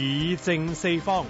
議政四方。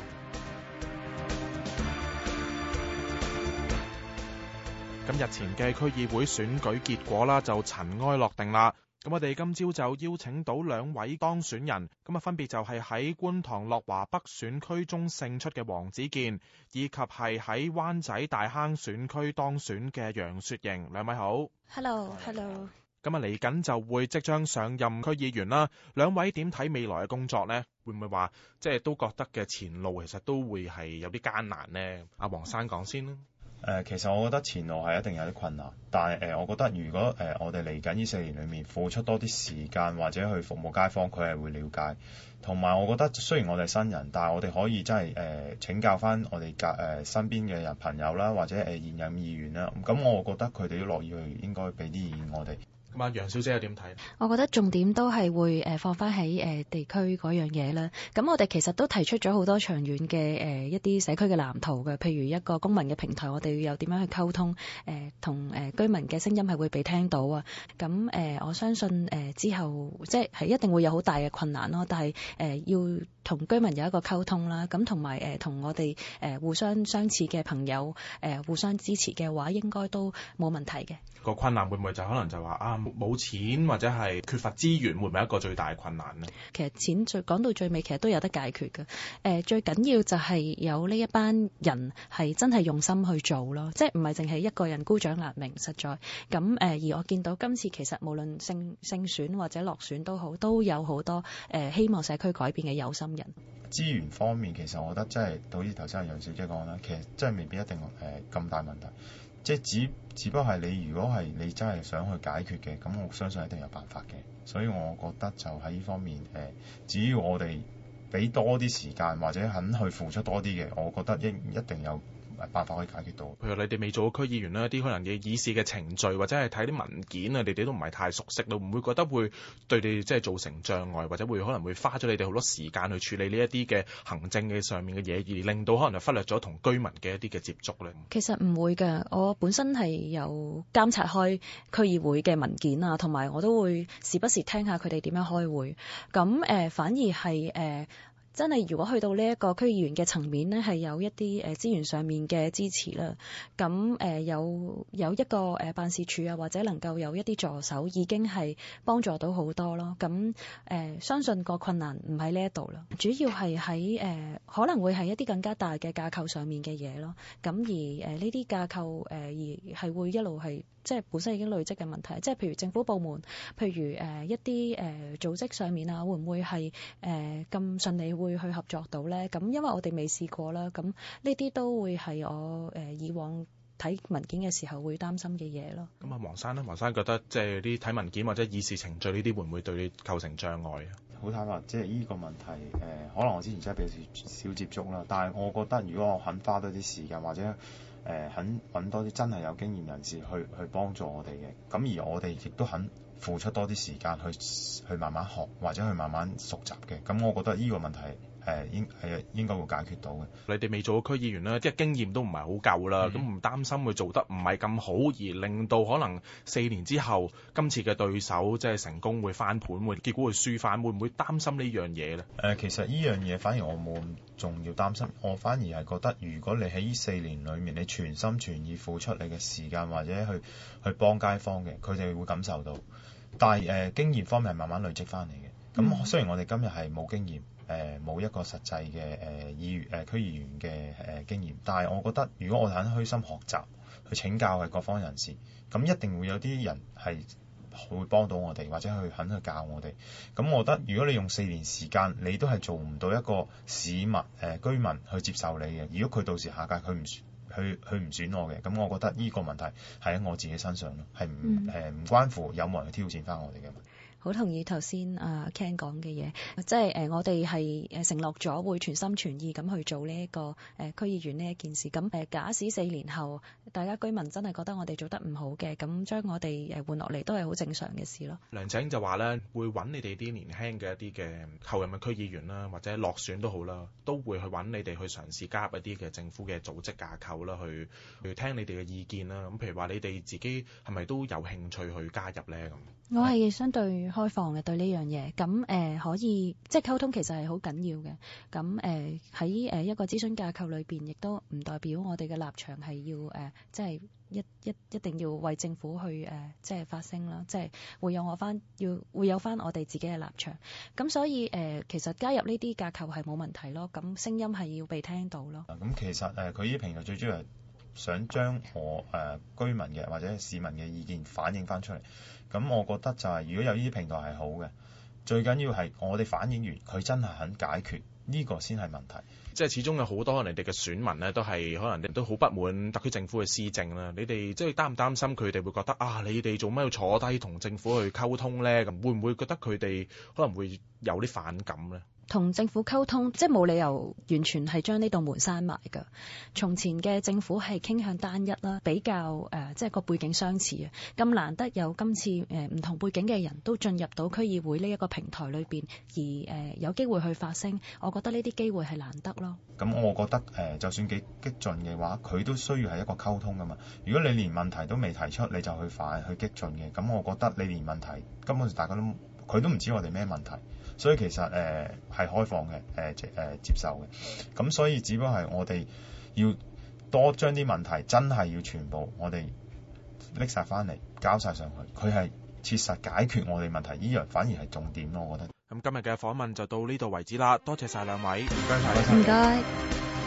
咁日前嘅區議會選舉結果啦，就塵埃落定啦。咁我哋今朝就邀請到兩位當選人，咁啊分別就係喺觀塘樂華北選區中勝出嘅黃子健，以及係喺灣仔大坑選區當選嘅楊雪盈。兩位好。Hello，Hello hello。咁啊，嚟緊就會即將上任區議員啦。兩位點睇未來嘅工作咧？會唔會話即係都覺得嘅前路其實都會係有啲艱難咧？阿、啊、黃生講先啦。誒，其實我覺得前路係一定有啲困難，但係誒，我覺得如果誒我哋嚟緊呢四年裏面付出多啲時間或者去服務街坊，佢係會了解。同埋，我覺得雖然我哋新人，但係我哋可以真係誒請教翻我哋隔誒身邊嘅人朋友啦，或者誒現任議員啦。咁，我覺得佢哋都樂意去應該俾啲意見我哋。咁啊，楊小姐又點睇？我覺得重點都係會誒放翻喺誒地區嗰樣嘢啦。咁我哋其實都提出咗好多長遠嘅誒一啲社區嘅藍圖嘅，譬如一個公民嘅平台，我哋要有點樣去溝通誒同誒居民嘅聲音係會被聽到啊。咁誒，我相信誒之後即係係一定會有好大嘅困難咯。但係誒要同居民有一個溝通啦。咁同埋誒同我哋誒互相相似嘅朋友誒互相支持嘅話，應該都冇問題嘅。個困難會唔會就可能就話啱？冇錢或者係缺乏資源，會唔會係一個最大嘅困難呢？其實錢最講到最尾，其實都有得解決嘅。誒、呃，最緊要就係有呢一班人係真係用心去做咯，即係唔係淨係一個人孤掌難鳴，實在咁誒、呃。而我見到今次其實無論勝勝選或者落選都好，都有好多誒、呃、希望社區改變嘅有心人。資源方面，其實我覺得真係，好似頭先阿楊小姐講咧，其實真係未必一定誒咁大問題。即係只，只不過係你如果係你真係想去解決嘅，咁我相信一定有辦法嘅。所以我覺得就喺呢方面，誒，只要我哋俾多啲時間或者肯去付出多啲嘅，我覺得一一定有。辦法可以解決到。譬如你哋未做過區議員咧，啲可能嘅議事嘅程序或者係睇啲文件啊，你哋都唔係太熟悉到，唔會覺得會對你哋即係造成障礙，或者會可能會花咗你哋好多時間去處理呢一啲嘅行政嘅上面嘅嘢，而令到可能係忽略咗同居民嘅一啲嘅接觸咧？其實唔會㗎，我本身係有監察開區議會嘅文件啊，同埋我都會時不時聽下佢哋點樣開會。咁誒、呃，反而係誒。呃真係，如果去到呢一個區議員嘅層面呢係有一啲誒資源上面嘅支持啦，咁誒有有一個誒辦事處啊，或者能夠有一啲助手，已經係幫助到好多咯。咁誒、呃、相信個困難唔喺呢一度啦，主要係喺誒可能會係一啲更加大嘅架構上面嘅嘢咯。咁而誒呢啲架構誒、呃、而係會一路係即係本身已經累積嘅問題，即係譬如政府部門，譬如誒、呃、一啲誒、呃、組織上面啊，會唔會係誒咁順利？會去合作到咧，咁因為我哋未試過啦，咁呢啲都會係我誒以往睇文件嘅時候會擔心嘅嘢咯。咁啊，黃生咧，黃生覺得即係啲睇文件或者議事程序呢啲會唔會對你構成障礙啊？好坦白，即係呢個問題誒、呃，可能我之前真係比較少接觸啦。但係我覺得如果我肯花多啲時間或者。誒、呃、肯揾多啲真係有經驗人士去去幫助我哋嘅，咁而我哋亦都肯付出多啲時間去去慢慢學，或者去慢慢熟習嘅，咁、嗯、我覺得呢個問題。誒應係應該會解決到嘅。你哋未做過區議員咧，即係經驗都唔係好夠啦，咁唔、嗯、擔心佢做得唔係咁好，而令到可能四年之後今次嘅對手即係成功會翻盤，會結果會輸翻，會唔會擔心呢樣嘢咧？誒，其實呢樣嘢反而我冇咁重要擔心，我反而係覺得如果你喺呢四年裏面，你全心全意付出你嘅時間或者去去幫街坊嘅，佢哋會感受到。但係誒、呃、經驗方面係慢慢累積翻嚟嘅。咁雖然我哋今日係冇經驗，誒冇一個實際嘅誒議員、誒區議員嘅誒經驗，但係我覺得，如果我肯虛心學習，去請教嘅各方人士，咁一定會有啲人係會幫到我哋，或者去肯去教我哋。咁我覺得，如果你用四年時間，你都係做唔到一個市民、誒、呃、居民去接受你嘅。如果佢到時下屆佢唔選，佢佢唔選我嘅，咁我覺得呢個問題係喺我自己身上咯，係唔誒唔關乎有冇人去挑戰翻我哋嘅。好同意頭先啊 Ken 講嘅嘢，即係誒我哋係誒承諾咗會全心全意咁去做呢一個誒區議員呢一件事。咁誒假使四年後，大家居民真係覺得我哋做得唔好嘅，咁將我哋誒換落嚟都係好正常嘅事咯。梁振英就話咧，會揾你哋啲年輕嘅一啲嘅後任嘅區議員啦，或者落選都好啦，都會去揾你哋去嘗試加入一啲嘅政府嘅組織架構啦，去，去譬如聽你哋嘅意見啦。咁譬如話，你哋自己係咪都有興趣去加入咧咁？我係相對開放嘅對呢樣嘢，咁誒、呃、可以即係溝通，其實係好緊要嘅。咁誒喺誒一個諮詢架構裏邊，亦都唔代表我哋嘅立場係要誒、呃，即係一一一定要為政府去誒、呃，即係發聲啦，即係會有我翻要會有翻我哋自己嘅立場。咁所以誒、呃，其實加入呢啲架構係冇問題咯。咁聲音係要被聽到咯。咁、啊、其實誒，佢依平日最主要係，想將我誒、呃、居民嘅或者市民嘅意見反映翻出嚟，咁我覺得就係、係、如果有呢啲平台係好嘅，最緊要係我哋反映完，佢真係肯解決，呢、呢個先係問題。即係始終有好多你哋嘅選民咧都係可能亦都好不滿特區政府嘅施政啦。你哋即係擔唔擔心佢哋會覺得啊，你哋做咩要坐低同政府去溝通咧？咁會唔會覺得佢哋可能會有啲反感咧？同政府溝通，即係冇理由完全係將呢道門閂埋㗎。從前嘅政府係傾向單一啦，比較誒、呃，即係個背景相似嘅。咁難得有今次誒唔同背景嘅人都進入到區議會呢一個平台裏邊，而誒、呃、有機會去發聲，我覺得呢啲機會係難得咯。咁我覺得誒、呃，就算幾激進嘅話，佢都需要係一個溝通㗎嘛。如果你連問題都未提出，你就去快去激進嘅，咁我覺得你連問題根本大家都佢都唔知我哋咩問題。所以其實誒係、呃、開放嘅，誒、呃、誒接、呃、接受嘅。咁所以只不過係我哋要多將啲問題真係要全部我哋拎晒翻嚟，交晒上去。佢係切實解決我哋問題，依樣反而係重點咯。我覺得。咁今日嘅訪問就到呢度為止啦，多謝晒兩位。唔該晒，唔該。謝。謝謝。